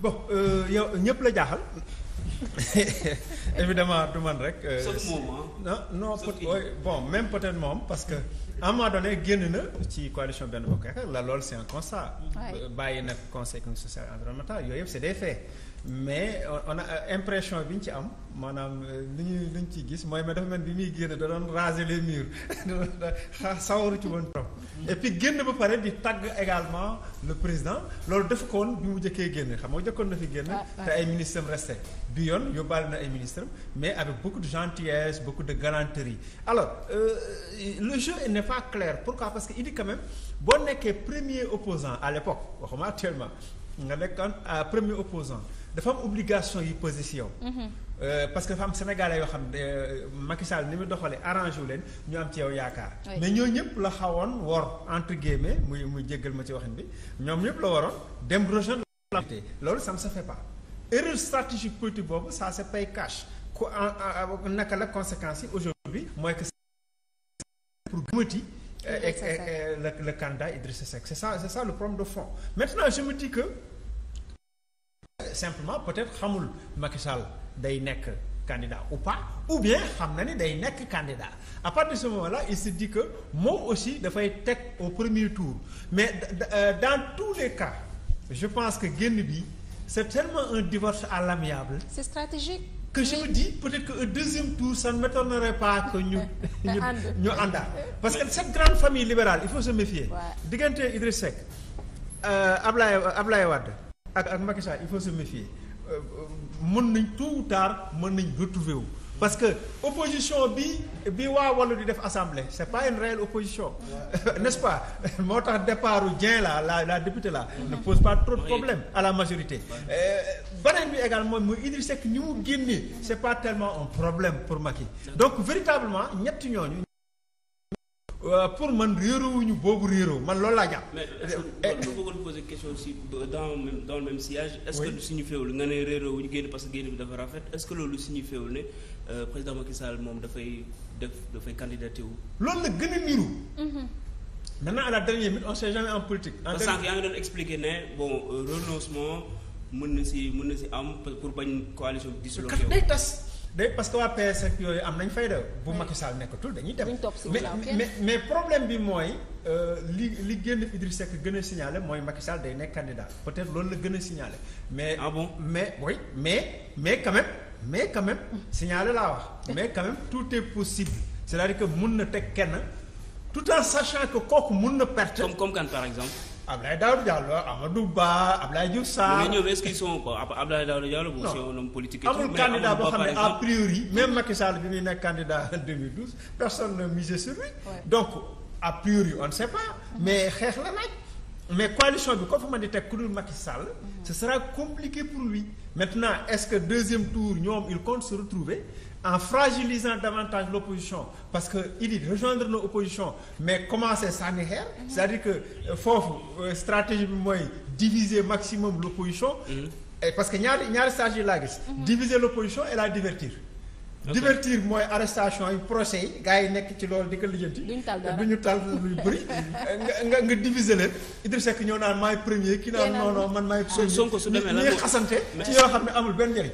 bo euh, yow ñëpp la jaaxal évidemment du man rek. Euh, sauf moom non bon même peut moom parce que. à un génn na ci coalition benn bokk yaakaar la loolu c' est un constat. bàyyi nag conseil économique social environnemental yooyu yëpp c' est des mais on a euh, impression bi ñu ci am maanaam euh, li ñu li ñu ciy gis mooy mais dafa mel bi muy génn da doon les murs ci woon trop. et puis génn ba pare di tagg également le président loolu def ko woon bi mu njëkkee génn xam nga jëkkoon na fi génn. Ah, ah. te ay ministre resté bi yoon yóbbaale na ay ministres mais avec beaucoup de gentillesse beaucoup de galanterie alors euh, le jeu n'est pas clair pourquoi parce que il dit quand même boo nekkee premier opposant à l'époque waxuma actuellement nga nekkoon euh, premier opposant dafa am obligation yu posé mm-hmm. euh, parce que dafa am sénégalais yoo xam ne euh, ni mu doxalee arrangé wu leen ñu am ci yow yaakaar. mais ñoo ñëpp la xawoon wor entre guillemets muy muy jéggal ma ci waxin bi ñoom ñëpp la waroon dem rejoindre la loolu ça ne se fait pas erreur stratégique politique boobu ça se paye cash ku naka la conséquence yi aujourd'hui pour gëmati euh, euh, euh, le le candidat Idrissa Seck c'est ça c'est ça le problème de fond maintenant je me dis simplement peut-être xamul Macky day nekk candidat ou pas ou bien xam na ni day nekk candidat à partir de la moment-là il se dit que moom aussi dafay teg au premier tour mais dans tous les cas je pense que génn bi c'est tellement un divorce à l'amiable c'est stratégique que je me dis peut-être que deuxième tour ça ne m'étonnerait pas que ñu. ñu ñu àndaat parce que cette grande famille libérale il faut se méfier. diggante Idriss Seck euh, Ablaye Ablaye Wade ak ak Macky Sall il faut se méfier euh, euh, mën nañ tout ou tard mën nañ retrouver wu. parce que opposition bi bi waa wàllu di def assemblée c' est pas une réelle opposition n' ce pas moo tax départ Dieng la la la députée là ne pose pas trop de problème à la majorité euh, beneen bi également mooy Idrissa Seck ni mu génnee c' est pas tellement un problème pour Macky donc véritablement ñett ñooñu Euh, pour man réeroowuñu boobu réeroo man loolu laa jàpp. mais est-ce que kon eh, bëggoon poser question si dans même dans le même sillage. est-ce que lu nga ne réeroowuñu génn parce que génn bi dafa rafet est-ce que loolu signifiéwul ne euh, président Macky Sall moom dafay def dafay candidaté wu. loolu nag gën a niru. Mhm. maintenant à la dernière minute on sait jamais en politique. en tant que yaa ngi doon expliquer ne bon euh, renoncement mën na si mën na si am pour bañ coalition bi disloqué wu. day tas. de parce que waa PS ak yooyu am nañ fay fayda bu Macky Sall nekkatul dañuy dem mais mais problème bi mooy euh, li li génn Idriss Seck gën a signalé mooy Macky Sall day nekk candidat peut-être loolu la gën a signalé mais ah mais oui mais mais quand mais quand même laa wax mais quand même tout est c'est-à-dire que mun na teg kenn tout en sachant que kooku mun na perte comme comme kan par exemple Abdoulaye Daouda a Amadou Ba Abdoulaye Diouf Sarr. mais ñoom est-ce qu'ils sont quoi Abdoulaye Daouda Diallo. non c'est un homme politique. amul candidat boo xam ne a priori même Macky Sall bi muy nekk candidat en 2012 personne ne misait sur lui. donc a priori on ne pas. mais xeex la laaj. mais coalition bi ko fa mën di teg ku dul Macky Sall ce sera compliqué pour lui maintenant est-ce que deuxième tour ñoom il compte se retrouver en fragilisant davantage l'opposition parce que il dit rejoindre na opposition mais commencer sànni xeer c'est-à-dire que euh, foofu euh, stratégie bi mooy diviser maximum l'opposition mm-hmm. et parce que ñaari ñaari stratégie laa gis mm-hmm. diviser l'opposition et la divertir divertir mooy arrestation yi procès yi gars yi nekk ci loolu di ko lijjanti. duñu tal dara duñu tal lu bëri. nga nga diviser leen. Idrissa Seck ñëw naan maay premier. kii naan non man maay premier. Sonko su demee lan xasante. ci yoo xam ne amul benn njëriñ.